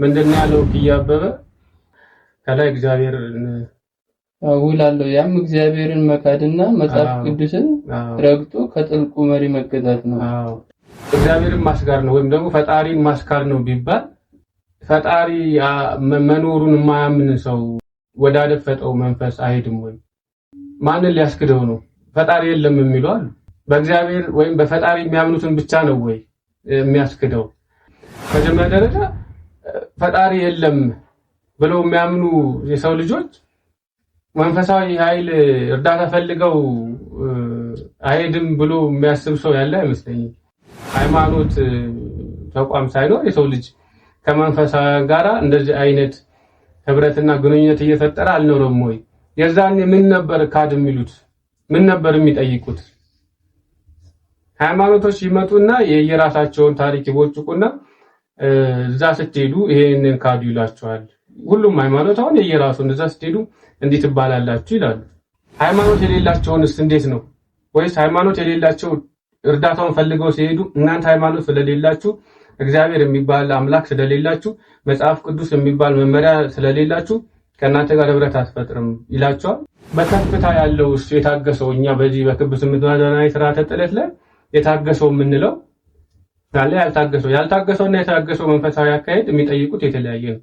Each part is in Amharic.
ምንድን ነው ያለው? እያበበ ከላይ እግዚአብሔርን ውላለሁ ያም እግዚአብሔርን መካድና መጽሐፍ ቅዱስን ረግጦ ከጥልቁ መሪ መገዛት ነው። እግዚአብሔርን ማስጋር ነው ወይም ደግሞ ፈጣሪን ማስካር ነው ቢባል ፈጣሪ መኖሩን የማያምን ሰው ወዳደፈጠው መንፈስ አይሄድም። ወይ? ማንን ሊያስክደው ነው? ፈጣሪ የለም የሚሉ አሉ። በእግዚአብሔር ወይም በፈጣሪ የሚያምኑትን ብቻ ነው ወይ የሚያስክደው? መጀመሪያ ደረጃ ፈጣሪ የለም ብለው የሚያምኑ የሰው ልጆች መንፈሳዊ ኃይል እርዳታ ፈልገው አይሄድም ብሎ የሚያስብ ሰው ያለ አይመስለኝም። ሃይማኖት ተቋም ሳይኖር የሰው ልጅ ከመንፈሳዊ ጋራ እንደዚህ አይነት ህብረትና ግንኙነት እየፈጠረ አልኖረም ወይ? የዛኔ ምን ነበር ካድ የሚሉት? ምን ነበር የሚጠይቁት? ሃይማኖቶች ይመጡና የየራሳቸውን ታሪክ ይቦጭቁና እዛ ስትሄዱ ይሄንን ካዱ ይላችኋል። ሁሉም ሃይማኖት አሁን የየራሱን እዛ ስትሄዱ እንዴት ትባላላችሁ ይላሉ። ሃይማኖት የሌላቸውንስ እንዴት ነው? ወይስ ሃይማኖት የሌላቸው እርዳታውን ፈልገው ሲሄዱ እናንተ ሃይማኖት ስለሌላችሁ እግዚአብሔር የሚባል አምላክ ስለሌላችሁ መጽሐፍ ቅዱስ የሚባል መመሪያ ስለሌላችሁ ከእናንተ ጋር ህብረት አትፈጥርም ይላቸዋል። በከፍታ ያለው እሱ የታገሰው እኛ በዚህ በክብ ስምንት ማዕዘናዊ ስርዓተ ጥለት ላይ የታገሰው የምንለው ያለ ያልታገሰው ያልታገሰው እና የታገሰው መንፈሳዊ አካሄድ የሚጠይቁት የተለያየ ነው።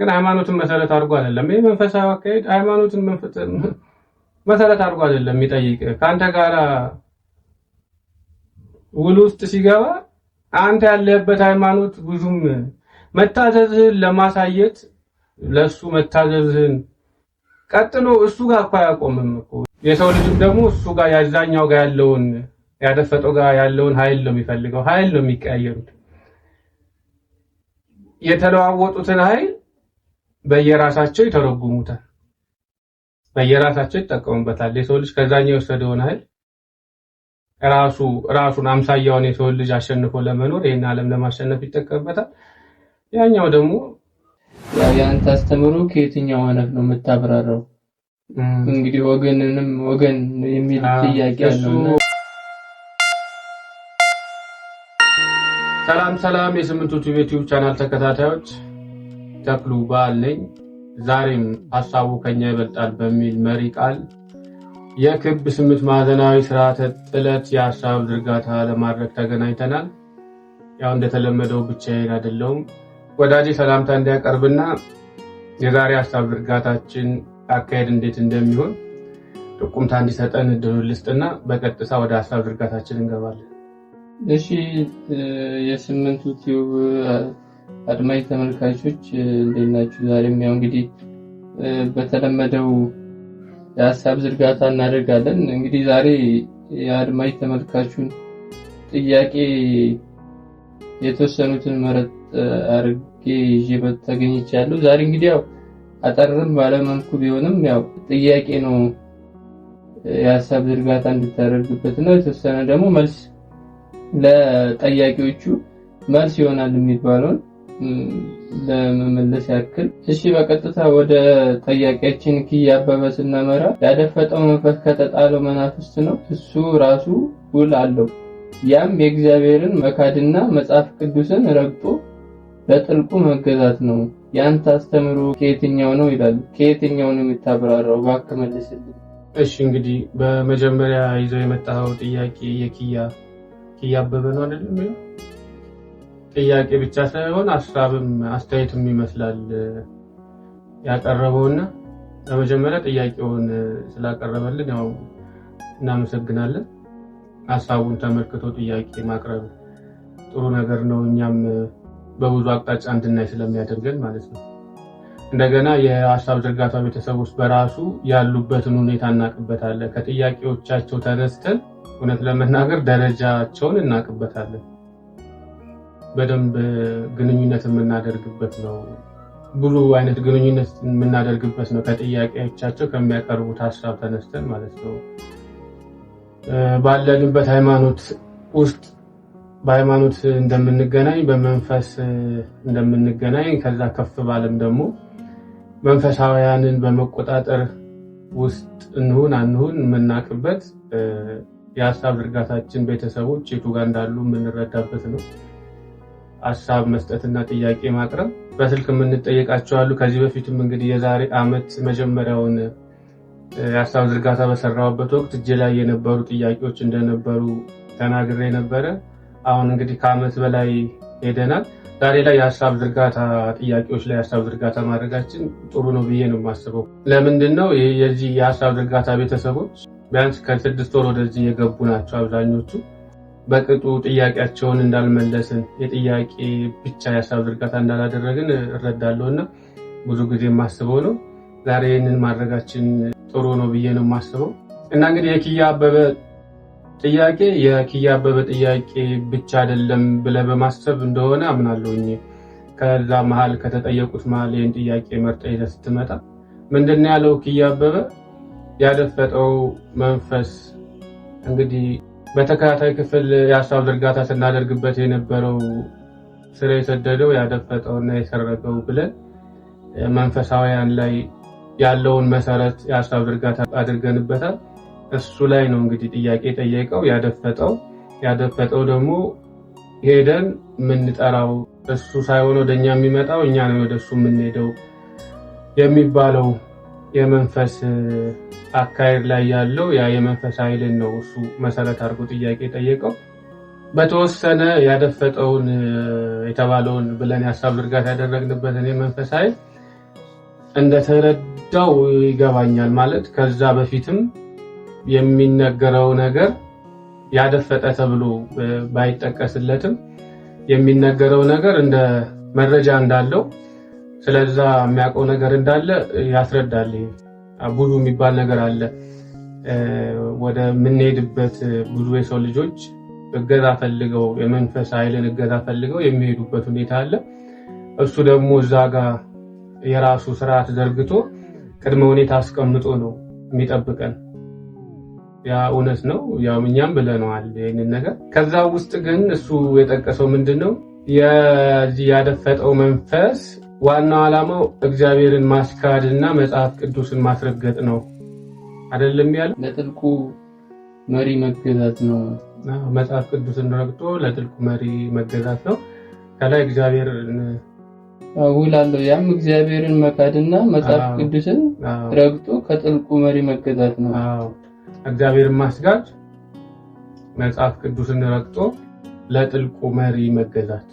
ግን ሃይማኖትን መሰረት አድርጎ አይደለም። ይህ መንፈሳዊ አካሄድ ሃይማኖትን መሰረት አድርጎ አይደለም የሚጠይቅ ከአንተ ጋር ውል ውስጥ ሲገባ አንተ ያለህበት ሃይማኖት ብዙም መታዘዝህን ለማሳየት ለሱ መታዘዝህን ቀጥሎ እሱ ጋር እኮ አያቆምም እኮ የሰው ልጅም ደግሞ እሱ ጋር ያዛኛው ጋር ያለውን ያደፈጠው ጋር ያለውን ኃይል ነው የሚፈልገው። ኃይል ነው የሚቀያየሩት። የተለዋወጡትን ኃይል በየራሳቸው ይተረጉሙታል፣ በየራሳቸው ይጠቀሙበታል። የሰው ልጅ ከዛኛው የወሰደውን ኃይል ራሱ ራሱን አምሳያውን የሰው ልጅ አሸንፎ ለመኖር ይህን ዓለም ለማሸነፍ ይጠቀምበታል። ያኛው ደግሞ ያው ያንተ አስተምሮ ከየትኛው አነፍ ነው የምታብራራው? እንግዲህ ወገንንም ወገን የሚል ጥያቄ አለውና ሰላም ሰላም የስምንቱ ዩቲዩብ ቻናል ተከታታዮች ተክሉ በዓል ነኝ። ዛሬም ሀሳቡ ከኛ ይበልጣል በሚል መሪ ቃል የክብ ስምንት ማዕዘናዊ ስርዓተ ጥለት የሀሳብ ዝርጋታ ለማድረግ ተገናኝተናል። ያው እንደተለመደው ብቻዬን አይደለሁም። ወዳጄ ሰላምታ እንዲያቀርብና የዛሬ ሀሳብ ዝርጋታችን አካሄድ እንዴት እንደሚሆን ጥቁምታ እንዲሰጠን እድሉ ልስጥና በቀጥታ ወደ ሀሳብ ዝርጋታችን እንገባለን። እሺ የስምንቱ ዩቲዩብ አድማጭ ተመልካቾች እንዴት ናችሁ? ዛሬም ያው እንግዲህ በተለመደው የሀሳብ ዝርጋታ እናደርጋለን። እንግዲህ ዛሬ የአድማጭ ተመልካቹን ጥያቄ የተወሰኑትን መረጥ አድርጌ ይዤ ተገኝቻለሁ። ዛሬ እንግዲህ ያው አጠርም ባለመልኩ ቢሆንም ያው ጥያቄ ነው የሀሳብ ዝርጋታ እንድታደርግበት ነው። የተወሰነ ደግሞ መልስ ለጠያቂዎቹ መልስ ይሆናል የሚባለውን ለመመለስ ያክል። እሺ፣ በቀጥታ ወደ ጠያቂያችን ኪያ አበበ ስናመራ ያደፈጠው መንፈስ ከተጣለው መናፍስት ነው። እሱ ራሱ ውል አለው። ያም የእግዚአብሔርን መካድና መጽሐፍ ቅዱስን ረግጦ ለጥልቁ መገዛት ነው። ያንተ አስተምሮ ከየትኛው ነው ይላሉ። ከየትኛው ነው የምታብራራው? እባክህ መልስልኝ። እሺ፣ እንግዲህ በመጀመሪያ ይዘው የመጣው ጥያቄ የክያ እያበበ ነው አይደለም። ጥያቄ ብቻ ሳይሆን ሀሳብም አስተያየትም ይመስላል ያቀረበውና ለመጀመሪያ ጥያቄውን ስላቀረበልን ያው እናመሰግናለን። ሀሳቡን ተመልክቶ ጥያቄ ማቅረብ ጥሩ ነገር ነው። እኛም በብዙ አቅጣጫ እንድናይ ስለሚያደርገን ማለት ነው። እንደገና የሀሳብ ዝርጋታ ቤተሰቦች በራሱ ያሉበትን ሁኔታ እናቅበታለን። ከጥያቄዎቻቸው ተነስተን እውነት ለመናገር ደረጃቸውን እናውቅበታለን። በደንብ ግንኙነት የምናደርግበት ነው። ብዙ አይነት ግንኙነት የምናደርግበት ነው። ከጥያቄዎቻቸው ከሚያቀርቡት ሀሳብ ተነስተን ማለት ነው። ባለንበት ሃይማኖት ውስጥ በሃይማኖት እንደምንገናኝ፣ በመንፈስ እንደምንገናኝ ከዛ ከፍ ባለም ደግሞ መንፈሳውያንን በመቆጣጠር ውስጥ እንሁን አንሁን የምናውቅበት የሀሳብ ዝርጋታችን ቤተሰቦች የቱ ጋር እንዳሉ የምንረዳበት ነው። ሀሳብ መስጠትና ጥያቄ ማቅረብ በስልክ የምንጠየቃቸው አሉ። ከዚህ በፊትም እንግዲህ የዛሬ ዓመት መጀመሪያውን የሀሳብ ዝርጋታ በሰራሁበት ወቅት እጅ ላይ የነበሩ ጥያቄዎች እንደነበሩ ተናግሬ ነበረ። አሁን እንግዲህ ከዓመት በላይ ሄደናል። ዛሬ ላይ የሀሳብ ዝርጋታ ጥያቄዎች ላይ የሀሳብ ዝርጋታ ማድረጋችን ጥሩ ነው ብዬ ነው የማስበው። ለምንድን ነው የዚህ የሀሳብ ዝርጋታ ቤተሰቦች ቢያንስ ከስድስት ወር ወደዚህ የገቡ ናቸው አብዛኞቹ። በቅጡ ጥያቄያቸውን እንዳልመለስን የጥያቄ ብቻ የሀሳብ ዝርጋታ እንዳላደረግን እረዳለሁ እና ብዙ ጊዜ የማስበው ነው። ዛሬ ይህንን ማድረጋችን ጥሩ ነው ብዬ ነው የማስበው እና እንግዲህ የኪያ አበበ ጥያቄ የኪያ አበበ ጥያቄ ብቻ አይደለም ብለህ በማሰብ እንደሆነ አምናለሁኝ። ከዛ መሀል ከተጠየቁት መሀል ይህን ጥያቄ መርጠ ይዘህ ስትመጣ ምንድን ነው ያለው ኪያ አበበ ያደፈጠው መንፈስ እንግዲህ በተከታታይ ክፍል የሀሳብ ዝርጋታ ስናደርግበት የነበረው ስር የሰደደው እና የሰረገው ብለን መንፈሳውያን ላይ ያለውን መሰረት የሀሳብ ዝርጋታ አድርገንበታል። እሱ ላይ ነው እንግዲህ ጥያቄ ጠየቀው ያደፈጠው ያደፈጠው ደግሞ ሄደን የምንጠራው እሱ ሳይሆን ወደኛ የሚመጣው እኛ ነው ወደሱ የምንሄደው የሚባለው የመንፈስ አካሄድ ላይ ያለው ያ የመንፈስ ኃይልን ነው እሱ መሰረት አድርጎ ጥያቄ ጠየቀው። በተወሰነ ያደፈጠውን የተባለውን ብለን የሀሳብ ዝርጋት ያደረግንበትን የመንፈስ ኃይል እንደተረዳው ይገባኛል። ማለት ከዛ በፊትም የሚነገረው ነገር ያደፈጠ ተብሎ ባይጠቀስለትም የሚነገረው ነገር እንደ መረጃ እንዳለው ስለዛ የሚያውቀው ነገር እንዳለ ያስረዳል። ቡዱ የሚባል ነገር አለ። ወደ ምንሄድበት ብዙ የሰው ልጆች እገዛ ፈልገው የመንፈስ ኃይልን እገዛ ፈልገው የሚሄዱበት ሁኔታ አለ። እሱ ደግሞ እዛ ጋር የራሱ ስርዓት ዘርግቶ ቅድመ ሁኔታ አስቀምጦ ነው የሚጠብቀን። ያ እውነት ነው። ያው እኛም ብለነዋል ይህንን ነገር። ከዛ ውስጥ ግን እሱ የጠቀሰው ምንድን ነው የዚህ ያደፈጠው መንፈስ ዋናው ዓላማው እግዚአብሔርን ማስካድ እና መጽሐፍ ቅዱስን ማስረገጥ ነው። አይደለም ያለ ለጥልቁ መሪ መገዛት ነው። መጽሐፍ ቅዱስን ረግጦ ለጥልቁ መሪ መገዛት ነው። ከላይ እግዚአብሔር ውላለሁ ያም እግዚአብሔርን መካድና መጽሐፍ ቅዱስን ረግጦ ከጥልቁ መሪ መገዛት ነው። እግዚአብሔርን ማስጋድ፣ መጽሐፍ ቅዱስን ረግጦ ለጥልቁ መሪ መገዛት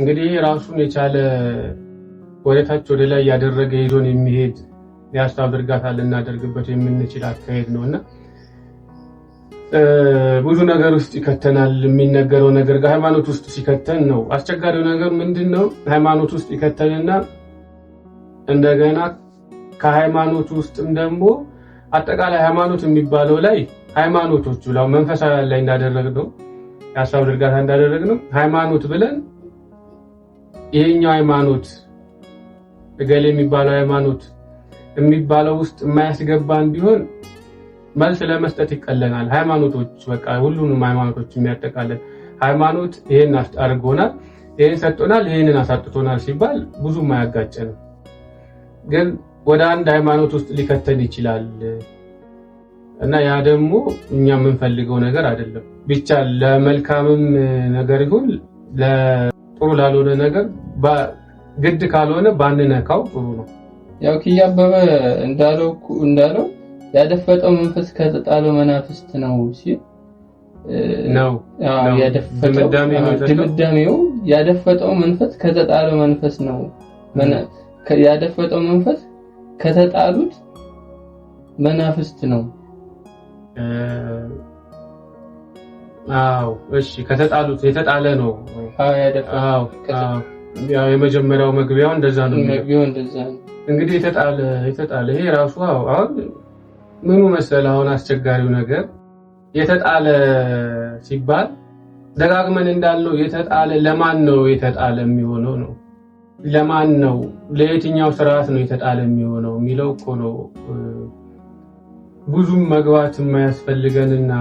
እንግዲህ ራሱን የቻለ ወደታች ወደ ላይ ያደረገ ይዞን የሚሄድ ያስታብርጋታል ልናደርግበት የምንችል አካሄድ ነው እና ብዙ ነገር ውስጥ ይከተናል። የሚነገረው ነገር ሃይማኖት ውስጥ ሲከተን ነው። አስቸጋሪው ነገር ምንድን ነው? ሃይማኖት ውስጥ ይከተንና እንደገና ከሃይማኖት ውስጥም ደግሞ አጠቃላይ ሃይማኖት የሚባለው ላይ ሃይማኖቶቹ ላ መንፈሳዊ ላይ ነው የሀሳብ ድርጋታ ነው ሃይማኖት ብለን ይሄኛው ሃይማኖት እገሌ የሚባለው ሃይማኖት የሚባለው ውስጥ የማያስገባን ቢሆን መልስ ለመስጠት ይቀለናል። ሃይማኖቶች በቃ ሁሉንም ሃይማኖቶች የሚያጠቃለን ሃይማኖት ይህን አድርጎናል፣ ይህን ሰጥቶናል፣ ይህንን አሳጥቶናል ሲባል ብዙም አያጋጨንም፣ ግን ወደ አንድ ሃይማኖት ውስጥ ሊከተን ይችላል እና ያ ደግሞ እኛ የምንፈልገው ነገር አይደለም። ብቻ ለመልካምም ነገር ይሁን ለጥሩ ላልሆነ ነገር ግድ ካልሆነ ባንነካው ጥሩ ነው። ያው ኪያ እንዳለው እንዳለው ያደፈጠው መንፈስ ከተጣለው መናፍስት ነው ሲል ነው ድምዳሜው ያደፈጠው መንፈስ ከተጣለው መንፈስ ነው። ያደፈጠው መንፈስ ከተጣሉት መናፍስት ነው። አዎ፣ እሺ፣ ከተጣሉት የተጣለ ነው። አዎ፣ ያደፈጠው የመጀመሪያው መግቢያው እንደዛ ነው። መግቢያው እንደዛ ነው። እንግዲህ የተጣለ የተጣለ ይሄ ራሱ አሁን ምኑ መሰል አሁን አስቸጋሪው ነገር የተጣለ ሲባል ደጋግመን እንዳለው የተጣለ ለማን ነው የተጣለ የሚሆነው ነው። ለማን ነው ለየትኛው ስርዓት ነው የተጣለ የሚሆነው የሚለው እኮ ነው ብዙም መግባት የማያስፈልገንና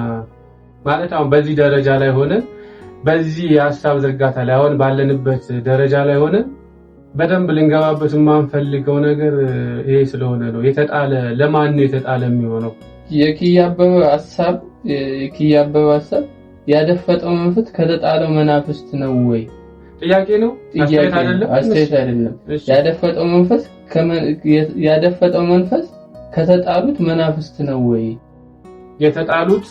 ማለት አሁን በዚህ ደረጃ ላይ ሆነን በዚህ የሀሳብ ዝርጋታ ላይ አሁን ባለንበት ደረጃ ላይ ሆነ በደንብ ልንገባበት የማንፈልገው ነገር ይሄ ስለሆነ ነው። የተጣለ ለማን ነው የተጣለ የሚሆነው? የኪያ ሀሳብ የኪያ ሀሳብ ያደፈጠው መንፈስ ከተጣለው መናፍስት ነው ወይ ጥያቄ ነው፣ አስተያየት አይደለም። ያደፈጠው መንፈስ ያደፈጠው መንፈስ ከተጣሉት መናፍስት ነው ወይ የተጣሉት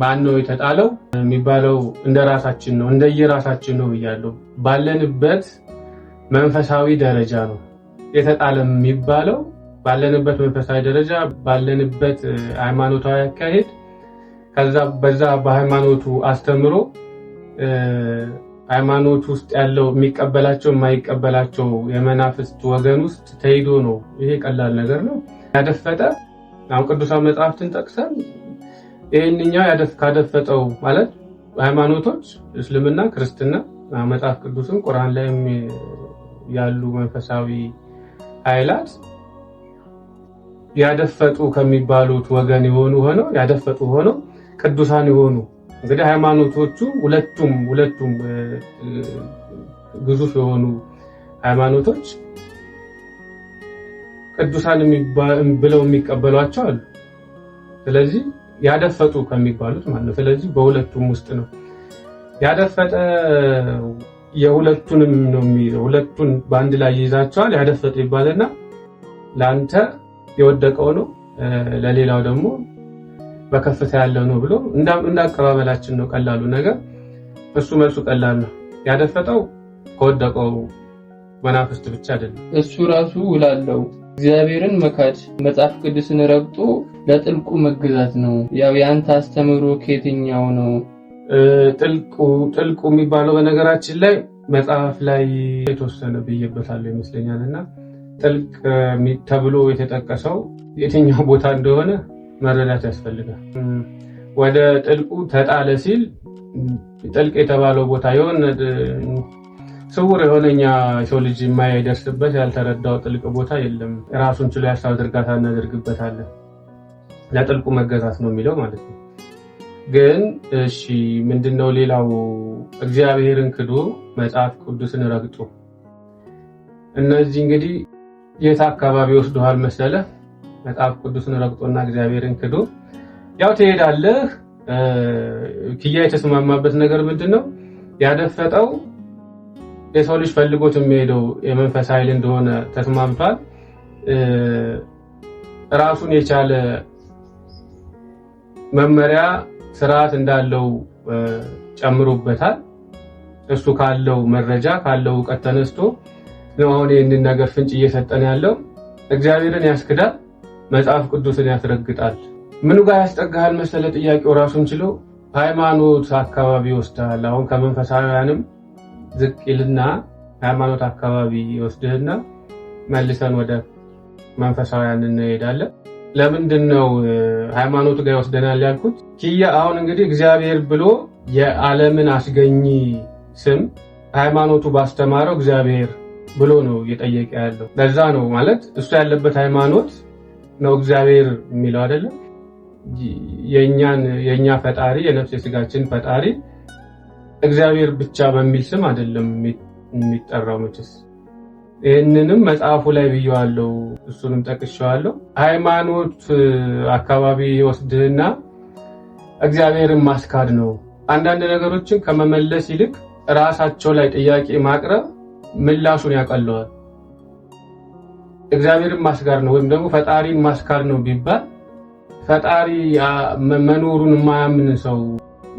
ማን ነው የተጣለው የሚባለው እንደ ራሳችን ነው እንደየራሳችን ነው ብያለሁ። ባለንበት መንፈሳዊ ደረጃ ነው የተጣለም የሚባለው ባለንበት መንፈሳዊ ደረጃ ባለንበት ሃይማኖታዊ አካሄድ ከዛ በዛ በሃይማኖቱ አስተምሮ ሃይማኖት ውስጥ ያለው የሚቀበላቸው የማይቀበላቸው የመናፍስት ወገን ውስጥ ተይዶ ነው። ይሄ ቀላል ነገር ነው ያደፈጠ አሁን ቅዱሳን መጽሐፍትን ጠቅሰን ይህንኛው ካደፈጠው ማለት ሃይማኖቶች እስልምና፣ ክርስትና፣ መጽሐፍ ቅዱስም ቁርአን ላይም ያሉ መንፈሳዊ ኃይላት ያደፈጡ ከሚባሉት ወገን የሆኑ ሆነው ያደፈጡ ሆነው ቅዱሳን የሆኑ እንግዲህ ሃይማኖቶቹ ሁለቱም ሁለቱም ግዙፍ የሆኑ ሃይማኖቶች ቅዱሳን ብለው የሚቀበሏቸው አሉ። ስለዚህ ያደፈጡ ከሚባሉት ማለት ነው። ስለዚህ በሁለቱም ውስጥ ነው ያደፈጠ የሁለቱንም ነው የሚይዘው። ሁለቱን በአንድ ላይ ይይዛቸዋል። ያደፈጠ ይባልና ለአንተ የወደቀው ነው ለሌላው ደግሞ በከፍታ ያለው ነው ብሎ እንዳቀባበላችን ነው ቀላሉ ነገር እሱ። መልሱ ቀላል ነው። ያደፈጠው ከወደቀው መናፍስት ብቻ አይደለም እሱ ራሱ ውላለው እግዚአብሔርን መካድ መጽሐፍ ቅዱስን ረግጦ ለጥልቁ መገዛት ነው። ያው የአንተ አስተምህሮ ከየትኛው ነው? ጥልቁ ጥልቁ የሚባለው በነገራችን ላይ መጽሐፍ ላይ የተወሰነ ብዬበታለሁ ይመስለኛል። እና ጥልቅ ተብሎ የተጠቀሰው የትኛው ቦታ እንደሆነ መረዳት ያስፈልጋል። ወደ ጥልቁ ተጣለ ሲል ጥልቅ የተባለው ቦታ የሆነ ስውር የሆነኛ ሰው ልጅ የማይደርስበት ያልተረዳው ጥልቅ ቦታ የለም። ራሱን ችሎ ያሳብ ዝርጋታ እናደርግበታለን። ለጥልቁ መገዛት ነው የሚለው ማለት ነው። ግን እሺ ምንድነው ሌላው? እግዚአብሔርን ክዶ መጽሐፍ ቅዱስን ረግጦ እነዚህ እንግዲህ የት አካባቢ ወስዶሃል መሰለ? መጽሐፍ ቅዱስን ረግጦና እግዚአብሔርን ክዶ ያው ትሄዳለህ። ክያ የተስማማበት ነገር ምንድን ነው ያደፈጠው የሰው ልጅ ፈልጎት የሚሄደው የመንፈስ ኃይል እንደሆነ ተስማምቷል። ራሱን የቻለ መመሪያ ስርዓት እንዳለው ጨምሮበታል። እሱ ካለው መረጃ ካለው እውቀት ተነስቶ ነው አሁን ይህንን ነገር ፍንጭ እየሰጠን ያለው። እግዚአብሔርን ያስክዳል፣ መጽሐፍ ቅዱስን ያስረግጣል። ምኑ ጋር ያስጠጋሃል መሰለ ጥያቄው ራሱን ችሎ ሃይማኖት አካባቢ ይወስዳል። አሁን ከመንፈሳውያንም ዝቅ ይልና ሃይማኖት አካባቢ ይወስድህና መልሰን ወደ መንፈሳውያን እንሄዳለን። ለምንድን ነው ሃይማኖቱ ጋር ይወስደናል ያልኩት? ኪያ አሁን እንግዲህ እግዚአብሔር ብሎ የዓለምን አስገኝ ስም ሃይማኖቱ ባስተማረው እግዚአብሔር ብሎ ነው እየጠየቀ ያለው። ለዛ ነው ማለት እሱ ያለበት ሃይማኖት ነው እግዚአብሔር የሚለው አይደለም። የእኛን የእኛ ፈጣሪ የነፍስ የስጋችን ፈጣሪ እግዚአብሔር ብቻ በሚል ስም አይደለም የሚጠራው መቼስ ይህንንም መጽሐፉ ላይ ብየዋለው፣ እሱንም ጠቅሸዋለሁ። ሃይማኖት አካባቢ ወስድህና እግዚአብሔርን ማስካድ ነው። አንዳንድ ነገሮችን ከመመለስ ይልቅ ራሳቸው ላይ ጥያቄ ማቅረብ ምላሹን ያቀለዋል። እግዚአብሔርን ማስካድ ነው ወይም ደግሞ ፈጣሪን ማስካድ ነው ቢባል ፈጣሪ መኖሩን የማያምን ሰው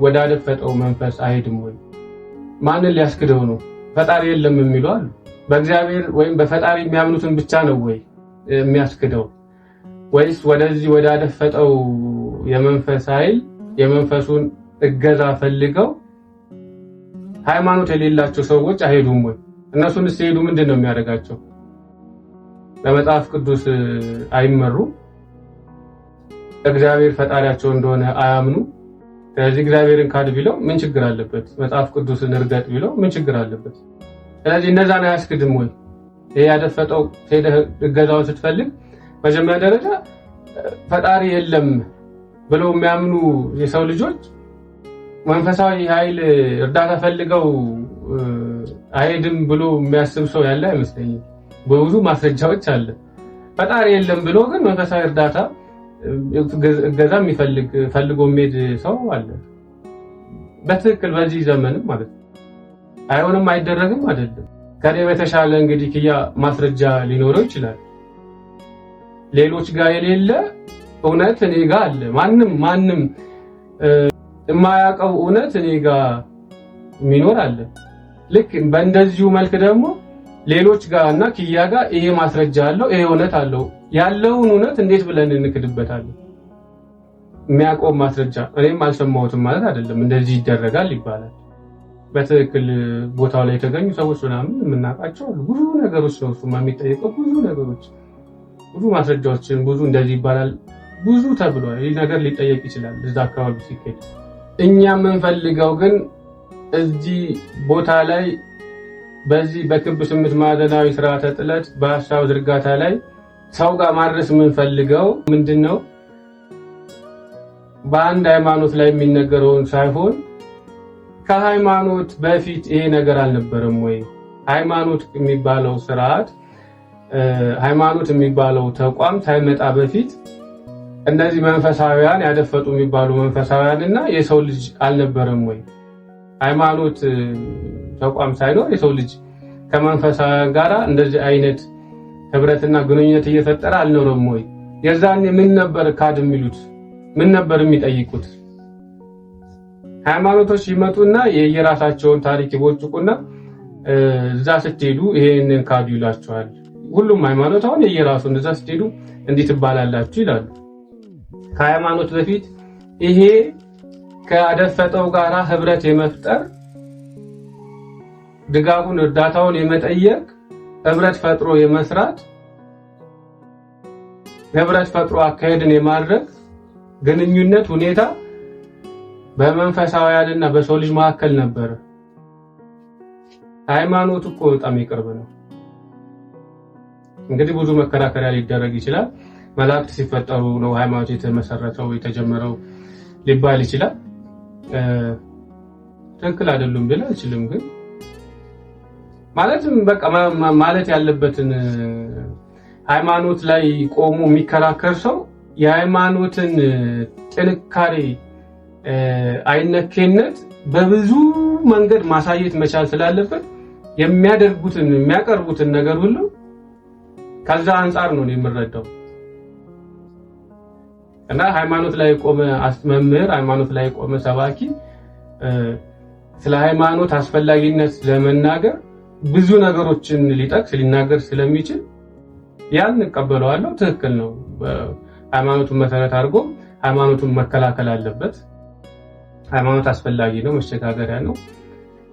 ወዳደፈጠው መንፈስ አይሄድም ወይ? ማንን ሊያስክደው ነው? ፈጣሪ የለም የሚሉ አሉ። በእግዚአብሔር ወይም በፈጣሪ የሚያምኑትን ብቻ ነው ወይ የሚያስክደው? ወይስ ወደዚህ ወዳደፈጠው የመንፈስ ኃይል የመንፈሱን እገዛ ፈልገው ሃይማኖት የሌላቸው ሰዎች አይሄዱም ወይ? እነሱን ሲሄዱ ምንድን ነው የሚያደርጋቸው? በመጽሐፍ ቅዱስ አይመሩ? እግዚአብሔር ፈጣሪያቸው እንደሆነ አያምኑ? ስለዚህ እግዚአብሔርን ካድ ቢለው ምን ችግር አለበት? መጽሐፍ ቅዱስን እርገጥ ቢለው ምን ችግር አለበት? ስለዚህ እነዛን አያስክድም ወይ? ይህ ያደፈጠው ሄደህ እገዛውን ስትፈልግ መጀመሪያ ደረጃ ፈጣሪ የለም ብለው የሚያምኑ የሰው ልጆች መንፈሳዊ ኃይል እርዳታ ፈልገው አይሄድም ብሎ የሚያስብ ሰው ያለ አይመስለኝም። በብዙ ማስረጃዎች አለ። ፈጣሪ የለም ብሎ ግን መንፈሳዊ እርዳታ እገዛ የሚፈልግ ፈልጎ የሚሄድ ሰው አለ። በትክክል በዚህ ዘመንም ማለት ነው። አይሆንም አይደረግም አይደለም። ከኔ በተሻለ እንግዲህ ክያ ማስረጃ ሊኖረው ይችላል። ሌሎች ጋር የሌለ እውነት እኔ ጋር አለ። ማንም ማንም የማያውቀው እውነት እኔ ጋር የሚኖር አለ። ልክ በእንደዚሁ መልክ ደግሞ ሌሎች ጋር እና ኪያ ጋር ይሄ ማስረጃ አለው፣ ይሄ እውነት አለው። ያለውን እውነት እንዴት ብለን እንክድበታለን? የሚያቆም ማስረጃ እኔም አልሰማሁትም ማለት አይደለም። እንደዚህ ይደረጋል ይባላል። በትክክል ቦታው ላይ የተገኙ ሰዎች ምናምን የምናውቃቸው ብዙ ነገሮች ነው። እሱማ የሚጠየቀው ብዙ ነገሮች፣ ብዙ ማስረጃዎችን፣ ብዙ እንደዚህ ይባላል፣ ብዙ ተብሏል። ይህ ነገር ሊጠየቅ ይችላል እዛ አካባቢ ሲካሄድ። እኛ የምንፈልገው ግን እዚህ ቦታ ላይ በዚህ በክብ ስምንት ማዕዘናዊ ስርዓተ ጥለት በሀሳብ ዝርጋታ ላይ ሰው ጋር ማድረስ የምንፈልገው ምንድን ነው? በአንድ ሃይማኖት ላይ የሚነገረውን ሳይሆን ከሃይማኖት በፊት ይሄ ነገር አልነበረም ወይ? ሃይማኖት የሚባለው ስርዓት፣ ሃይማኖት የሚባለው ተቋም ሳይመጣ በፊት እነዚህ መንፈሳዊያን ያደፈጡ የሚባሉ መንፈሳውያን እና የሰው ልጅ አልነበረም ወይ? ሃይማኖት ተቋም ሳይኖር የሰው ልጅ ከመንፈስ ጋራ እንደዚህ አይነት ህብረትና ግንኙነት እየፈጠረ አልኖረም ወይ? የዛኔ ምን ነበር ካድ የሚሉት? ምን ነበር የሚጠይቁት? ሃይማኖቶች ይመጡና የየራሳቸውን ታሪክ ይቦጭቁና እዛ ስትሄዱ ይሄንን ካዱ ይላችኋል። ሁሉም ሃይማኖት አሁን የየራሱን እዛ ስትሄዱ እንዲህ ትባላላችሁ ይላሉ። ከሃይማኖት በፊት ይሄ ከአደፈጠው ጋራ ህብረት የመፍጠር ድጋፉን እርዳታውን የመጠየቅ ህብረት ፈጥሮ የመስራት ህብረት ፈጥሮ አካሄድን የማድረግ ግንኙነት ሁኔታ በመንፈሳውያንና በሰው ልጅ መካከል ነበረ። ሃይማኖት እኮ በጣም ይቅርብ ነው። እንግዲህ ብዙ መከራከሪያ ሊደረግ ይችላል። መላእክት ሲፈጠሩ ነው ሃይማኖት የተመሰረተው የተጀመረው ሊባል ይችላል። ትክክል አይደሉም ብል አልችልም። ግን ማለትም በቃ ማለት ያለበትን ሃይማኖት ላይ ቆሞ የሚከራከር ሰው የሃይማኖትን ጥንካሬ አይነኬነት በብዙ መንገድ ማሳየት መቻል ስላለበት የሚያደርጉትን የሚያቀርቡትን ነገር ሁሉ ከዛ አንጻር ነው የምረዳው። እና ሃይማኖት ላይ የቆመ መምህር፣ ሃይማኖት ላይ የቆመ ሰባኪ ስለ ሃይማኖት አስፈላጊነት ለመናገር ብዙ ነገሮችን ሊጠቅስ ሊናገር ስለሚችል ያን እቀበለዋለሁ። ትክክል ነው። ሃይማኖቱን መሰረት አድርጎ ሃይማኖቱን መከላከል አለበት። ሃይማኖት አስፈላጊ ነው፣ መሸጋገሪያ ነው፣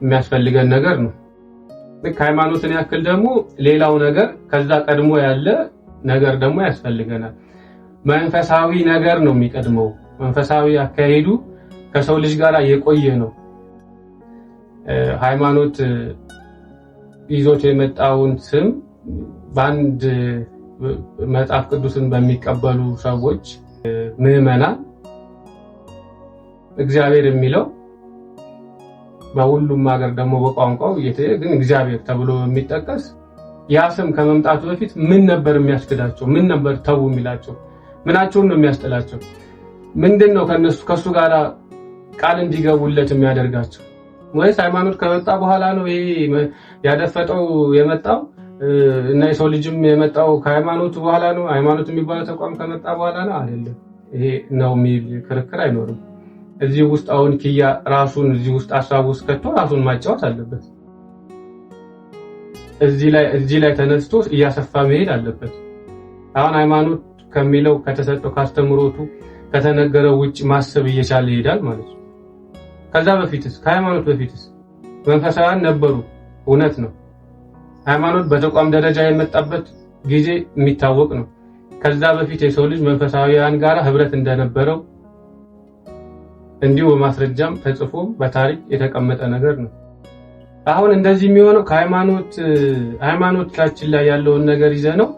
የሚያስፈልገን ነገር ነው። ልክ ሃይማኖትን ያክል ደግሞ ሌላው ነገር ከዛ ቀድሞ ያለ ነገር ደግሞ ያስፈልገናል። መንፈሳዊ ነገር ነው የሚቀድመው። መንፈሳዊ አካሄዱ ከሰው ልጅ ጋር የቆየ ነው። ሃይማኖት ይዞት የመጣውን ስም በአንድ መጽሐፍ ቅዱስን በሚቀበሉ ሰዎች ምዕመናን እግዚአብሔር የሚለው በሁሉም ሀገር ደግሞ በቋንቋው ግን እግዚአብሔር ተብሎ የሚጠቀስ ያ ስም ከመምጣቱ በፊት ምን ነበር የሚያስክዳቸው? ምን ነበር ተው የሚላቸው? ምናቸውን ነው የሚያስጥላቸው? ምንድን ነው ከነሱ ከሱ ጋር ቃል እንዲገቡለት የሚያደርጋቸው? ወይስ ሃይማኖት ከመጣ በኋላ ነው ይሄ ያደፈጠው የመጣው እና የሰው ልጅም የመጣው ከሃይማኖቱ በኋላ ነው? ሃይማኖት የሚባለው ተቋም ከመጣ በኋላ ነው? አይደለም። ይሄ ነው የሚል ክርክር አይኖርም። እዚህ ውስጥ አሁን ኪያ ራሱን እዚህ ውስጥ ሀሳብ ውስጥ ከቶ ራሱን ማጫወት አለበት። እዚህ ላይ ተነስቶ እያሰፋ መሄድ አለበት። አሁን ሃይማኖት ከሚለው ከተሰጠው ካስተምሮቱ ከተነገረው ውጭ ማሰብ እየቻለ ይሄዳል ማለት ነው። ከዛ በፊትስ ከሃይማኖት በፊትስ መንፈሳውያን ነበሩ፣ እውነት ነው። ሃይማኖት በተቋም ደረጃ የመጣበት ጊዜ የሚታወቅ ነው። ከዛ በፊት የሰው ልጅ መንፈሳዊያን ጋር ህብረት እንደነበረው እንዲሁ በማስረጃም ተጽፎ በታሪክ የተቀመጠ ነገር ነው። አሁን እንደዚህ የሚሆነው ከሃይማኖት ሃይማኖታችን ላይ ያለውን ነገር ይዘ ነው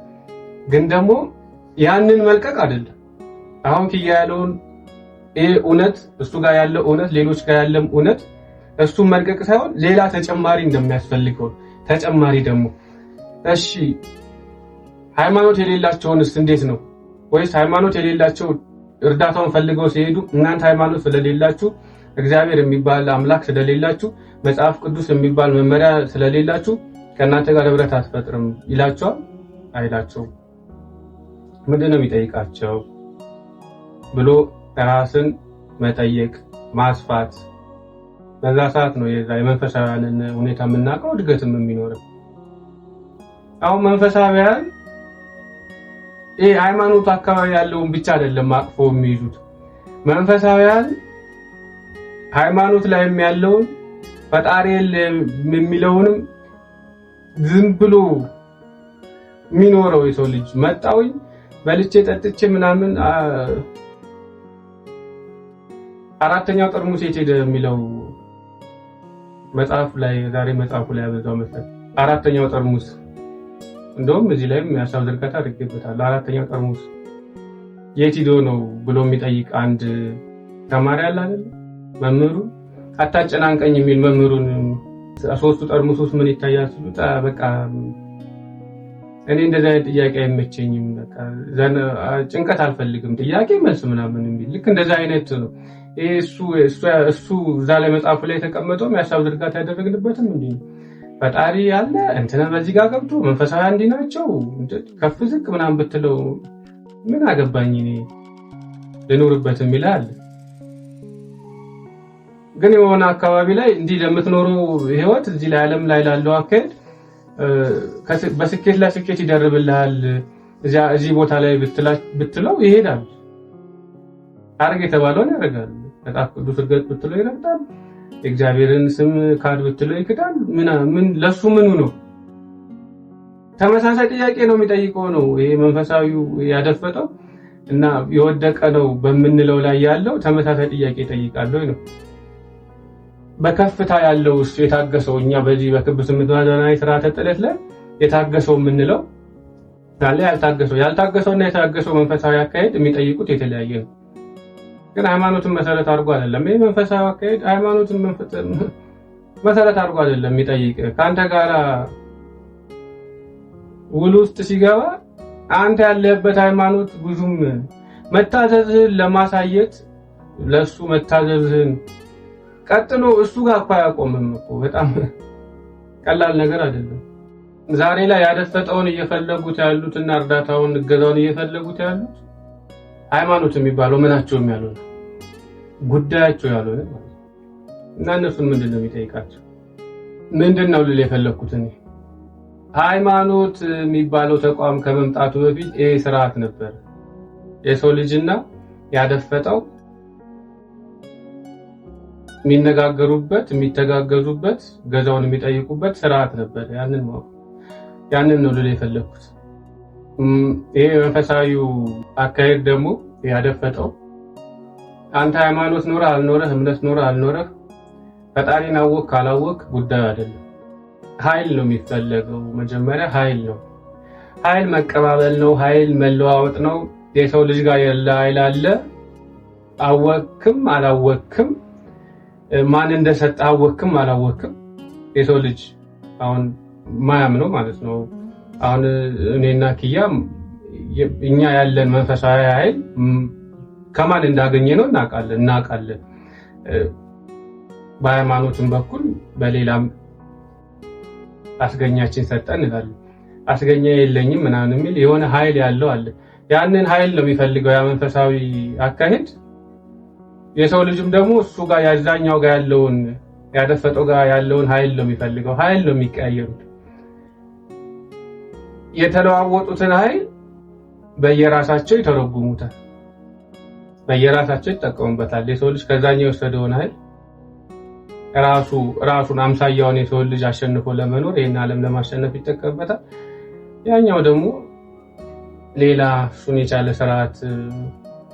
ግን ደግሞ ያንን መልቀቅ አይደለም። አሁን ኪያ ያለውን ይሄ እውነት እሱ ጋር ያለው እውነት ሌሎች ጋር ያለም እውነት እሱን መልቀቅ ሳይሆን ሌላ ተጨማሪ እንደሚያስፈልገው ተጨማሪ ደግሞ እሺ ሃይማኖት የሌላቸውንስ እንዴት ነው? ወይስ ሃይማኖት የሌላቸው እርዳታውን ፈልገው ሲሄዱ እናንተ ሃይማኖት ስለሌላችሁ እግዚአብሔር የሚባል አምላክ ስለሌላችሁ መጽሐፍ ቅዱስ የሚባል መመሪያ ስለሌላችሁ ከእናንተ ጋር ህብረት አትፈጥርም ይላቸዋል አይላቸውም? ምንድን ነው የሚጠይቃቸው ብሎ ራስን መጠየቅ ማስፋት በዛ ሰዓት ነው የመንፈሳውያንን ሁኔታ የምናውቀው፣ እድገትም የሚኖርም። አሁን መንፈሳውያን ይህ ሃይማኖት አካባቢ ያለውን ብቻ አይደለም አቅፎ የሚይዙት። መንፈሳውያን ሃይማኖት ላይም ያለውን ፈጣሪ የሚለውንም ዝም ብሎ የሚኖረው የሰው ልጅ መጣውኝ በልቼ ጠጥቼ ምናምን አራተኛው ጠርሙስ የት ሄደ የሚለው መጽሐፍ ላይ ዛሬ መጽሐፉ ላይ አበዛው መሰለኝ። አራተኛው ጠርሙስ እንደውም እዚህ ላይም የሀሳብ ዝርጋታ አድርጌበታል። አራተኛው ጠርሙስ የት ነው ብሎ የሚጠይቅ አንድ ተማሪ አለ አይደል? መምህሩ አታጨናንቀኝ የሚል መምህሩን ሶስቱ ጠርሙስ ውስጥ ምን ይታያል? በቃ እኔ እንደዚህ አይነት ጥያቄ አይመቸኝም። ጭንቀት አልፈልግም። ጥያቄ መልስ ምናምን የሚል ልክ እንደዚህ አይነት ነው። እሱ እዛ ላይ መጽሐፉ ላይ የተቀመጠው የሚያሳብ ዝርጋታ ያደረግንበትም እንዲ ፈጣሪ ያለ እንትና በዚህ ጋር ገብቶ መንፈሳዊ እንዲ ናቸው ከፍ ዝቅ ምናምን ብትለው ምን አገባኝ እኔ ልኖርበትም ይላል። ግን የሆነ አካባቢ ላይ እንዲህ ለምትኖረው ህይወት እዚህ ላይ ዓለም ላይ ላለው አካሄድ በስኬት ላይ ስኬት ይደርብልሃል እዚህ ቦታ ላይ ብትለው ይሄዳል። አርግ የተባለውን ያደርጋል። መጽሐፍ ቅዱስ እርገጥ ብትለው ይረግጣል። የእግዚአብሔርን ስም ካድ ብትለው ይክዳል። ምን ለሱ ምኑ ነው? ተመሳሳይ ጥያቄ ነው የሚጠይቀው ነው። ይሄ መንፈሳዊው ያደፈጠው እና የወደቀ ነው በምንለው ላይ ያለው ተመሳሳይ ጥያቄ ይጠይቃል ነው በከፍታ ያለው ውስጥ የታገሰው እኛ በዚህ በክብ ስምንት ማዕዘናዊ ስርዓተ ጥለት ላይ የታገሰው የምንለው ያለ ያልታገሰው ያልታገሰው እና የታገሰው መንፈሳዊ አካሄድ የሚጠይቁት የተለያየ ነው። ግን ሃይማኖትን መሰረት አድርጎ አይደለም። ይህ መንፈሳዊ አካሄድ ሃይማኖትን መሰረት አድርጎ አይደለም የሚጠይቅ ከአንተ ጋር ውል ውስጥ ሲገባ አንተ ያለህበት ሃይማኖት ብዙም መታዘዝህን ለማሳየት ለእሱ መታዘዝህን ቀጥሎ እሱ ጋር እኮ አያቆምም እኮ በጣም ቀላል ነገር አይደለም። ዛሬ ላይ ያደፈጠውን እየፈለጉት ያሉት እና እርዳታውን እገዛውን እየፈለጉት ያሉት ሃይማኖት የሚባለው ምናቸውም ያልሆነ ጉዳያቸው ያልሆነ እና እነሱን ምንድን ነው የሚጠይቃቸው? ምንድን ነው ልል የፈለግኩት እኔ ሃይማኖት የሚባለው ተቋም ከመምጣቱ በፊት ይሄ ስርዓት ነበር። የሰው ልጅና ያደፈጠው የሚነጋገሩበት የሚተጋገዙበት ገዛውን የሚጠይቁበት ስርዓት ነበር። ያንን ማወቅ ያንን ነው ልል የፈለግኩት። ይሄ መንፈሳዊ አካሄድ ደግሞ ያደፈጠው አንተ ሃይማኖት ኖረህ አልኖረህ፣ እምነት ኖረህ አልኖረህ፣ ፈጣሪን አወቅ ካላወቅ ጉዳዩ አይደለም። ኃይል ነው የሚፈለገው። መጀመሪያ ኃይል ነው። ኃይል መቀባበል ነው። ኃይል መለዋወጥ ነው። የሰው ልጅ ጋር የለ ኃይል አለ። አወክም አላወክም። ማን እንደሰጠ አወክም አላወክም የሰው ልጅ አሁን ማያም ነው ማለት ነው። አሁን እኔና ኪያ እኛ ያለን መንፈሳዊ ኃይል ከማን እንዳገኘ ነው እናውቃለን እናውቃለን በሃይማኖትም በኩል በሌላም አስገኛችን ሰጠን እንላለን። አስገኛ የለኝም ምናምን የሚል የሆነ ኃይል ያለው አለ። ያንን ኃይል ነው የሚፈልገው ያ መንፈሳዊ አካሄድ የሰው ልጅም ደግሞ እሱ ጋር ያዛኛው ጋር ያለውን ያደፈጠ ጋር ያለውን ኃይል ነው የሚፈልገው። ኃይል ነው የሚቀያየሩት። የተለዋወጡትን ኃይል በየራሳቸው ይተረጉሙታል፣ በየራሳቸው ይጠቀሙበታል። የሰው ልጅ ከዛኛው የወሰደውን ኃይል ራሱ ራሱን አምሳያውን የሰው ልጅ አሸንፎ ለመኖር ይህን ዓለም ለማሸነፍ ይጠቀምበታል። ያኛው ደግሞ ሌላ እሱን የቻለ ስርዓት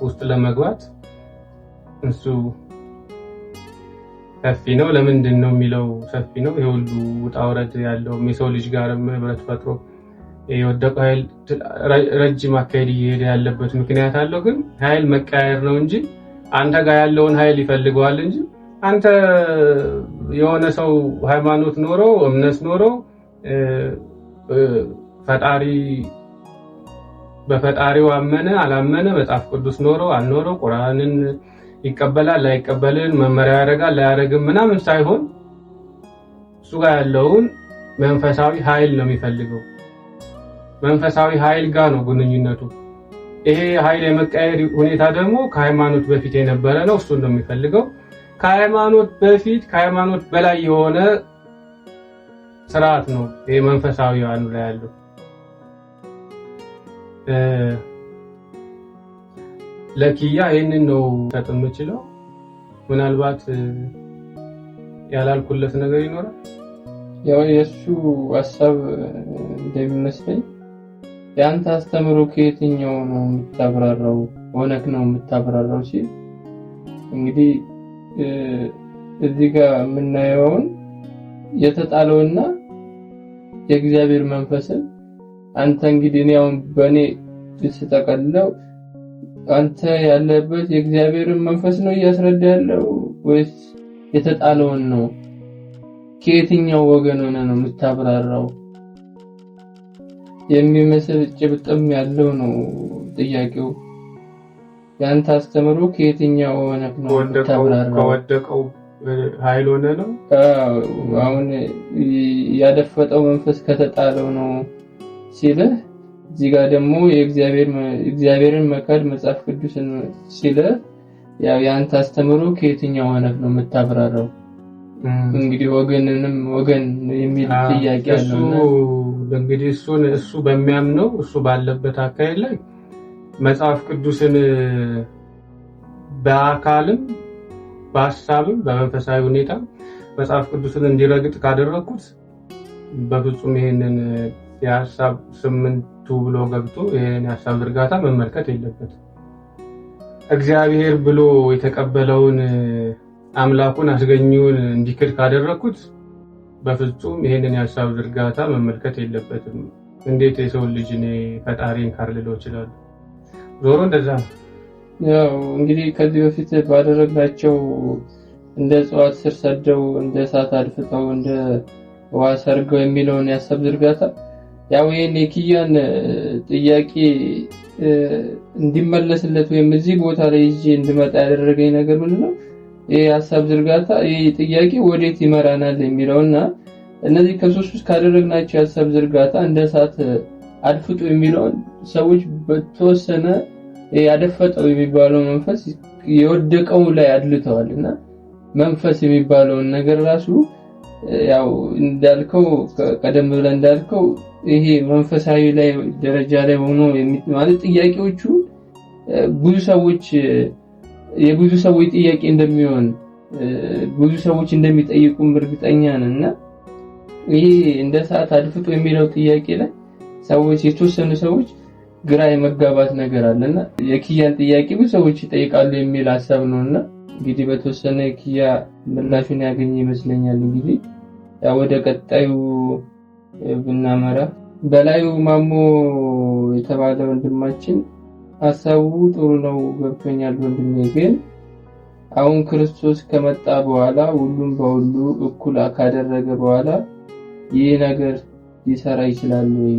ውስጥ ለመግባት እሱ ሰፊ ነው። ለምንድን ነው የሚለው ሰፊ ነው። የሁሉ ውጣ ውረድ ያለው የሰው ልጅ ጋር ህብረት ፈጥሮ የወደቀ ኃይል ረጅም አካሄድ እየሄደ ያለበት ምክንያት አለው። ግን ኃይል መቀያየር ነው እንጂ አንተ ጋር ያለውን ኃይል ይፈልገዋል እንጂ አንተ የሆነ ሰው ሃይማኖት ኖሮ እምነት ኖሮ ፈጣሪ በፈጣሪው አመነ አላመነ መጽሐፍ ቅዱስ ኖሮ አልኖረው ቁርአንን ይቀበላል ላይቀበልን መመሪያ ያደርጋል ላያደርግም ምናምን ሳይሆን እሱ ጋር ያለውን መንፈሳዊ ኃይል ነው የሚፈልገው። መንፈሳዊ ኃይል ጋር ነው ግንኙነቱ። ይሄ ኃይል የመቀየር ሁኔታ ደግሞ ከሃይማኖት በፊት የነበረ ነው። እሱን ነው የሚፈልገው። ከሃይማኖት በፊት ከሃይማኖት በላይ የሆነ ስርዓት ነው ይሄ መንፈሳዊ ያኑ ላይ ያለው ለኪያ ይህንን ነው ሰጥ የምችለው። ምናልባት ያላልኩለት ነገር ይኖራል። ያው የእሱ ሀሳብ እንደሚመስለኝ የአንተ አስተምሮ ከየትኛው ነው የምታብራራው? ኦነግ ነው የምታብራራው ሲል እንግዲህ እዚህ ጋር የምናየውን የተጣለውና የእግዚአብሔር መንፈስን አንተ እንግዲህ እኔ አሁን በእኔ ስጠቀልለው አንተ ያለበት የእግዚአብሔርን መንፈስ ነው እያስረዳ ያለው ወይስ የተጣለውን ነው? ከየትኛው ወገን ሆነ ነው የምታብራራው? የሚመስል ጭብጥም ያለው ነው ጥያቄው። ያንተ አስተምሮ ከየትኛው ሆነ ነው የምታብራራው? ከወደቀው ኃይል ሆነ ነው? አዎ አሁን ያደፈጠው መንፈስ ከተጣለው ነው ሲልህ እዚህ ጋር ደግሞ የእግዚአብሔርን መካድ መጽሐፍ ቅዱስ ሲለ ያው የአንተ አስተምሮ ከየትኛው አነፍ ነው የምታብራራው? እንግዲህ ወገንንም ወገን የሚል ጥያቄ አለ። እንግዲህ እሱን እሱ በሚያምነው እሱ ባለበት አካሄድ ላይ መጽሐፍ ቅዱስን በአካልም በሀሳብም በመንፈሳዊ ሁኔታ መጽሐፍ ቅዱስን እንዲረግጥ ካደረግኩት በፍጹም ይሄንን የሀሳብ ስምንቱ ብሎ ገብቶ ይህን የሀሳብ ዝርጋታ መመልከት የለበትም። እግዚአብሔር ብሎ የተቀበለውን አምላኩን አስገኙን እንዲክድ ካደረግኩት በፍጹም ይህንን የሀሳብ ዝርጋታ መመልከት የለበትም። እንዴት የሰው ልጅ እኔ ፈጣሪን ካርልለው ይችላሉ? ዞሮ እንደዛ ነው። ያው እንግዲህ ከዚህ በፊት ባደረግናቸው እንደ እጽዋት ስር ሰደው፣ እንደ እሳት አድፍተው፣ እንደ ውሃ ሰርገው የሚለውን የሀሳብ ዝርጋታ ያው ይሄን የኪያን ጥያቄ እንዲመለስለት ወይም እዚህ ቦታ ላይ ይዤ እንድመጣ ያደረገኝ ነገር ምንድነው? ይሄ ሀሳብ ዝርጋታ፣ ይሄ ጥያቄ ወዴት ይመራናል የሚለውና እነዚህ ከሶስት ውስጥ ካደረግናቸው የሀሳብ ዝርጋታ እንደ እሳት አድፍጡ የሚለውን ሰዎች በተወሰነ ያደፈጠው የሚባለው መንፈስ የወደቀው ላይ አድልተዋል እና መንፈስ የሚባለውን ነገር ራሱ ያው እንዳልከው ቀደም ብለን እንዳልከው ይሄ መንፈሳዊ ላይ ደረጃ ላይ ሆኖ ማለት ጥያቄዎቹ ብዙ ሰዎች የብዙ ሰዎች ጥያቄ እንደሚሆን ብዙ ሰዎች እንደሚጠይቁም እርግጠኛ ነን እና ይሄ እንደ ሰዓት አድፍጦ የሚለው ጥያቄ ላይ ሰዎች የተወሰኑ ሰዎች ግራ የመጋባት ነገር አለና የኪያን ጥያቄ ብዙ ሰዎች ይጠይቃሉ የሚል ሀሳብ ነው እና እንግዲህ በተወሰነ ኪያ ምላሹን ያገኘ ይመስለኛል። እንግዲህ ወደ ቀጣዩ ብናመራ በላዩ ማሞ የተባለ ወንድማችን ሀሳቡ ጥሩ ነው፣ ገብቶኛል ወንድሜ። ግን አሁን ክርስቶስ ከመጣ በኋላ ሁሉም በሁሉ እኩል ካደረገ በኋላ ይህ ነገር ሊሰራ ይችላል ወይ?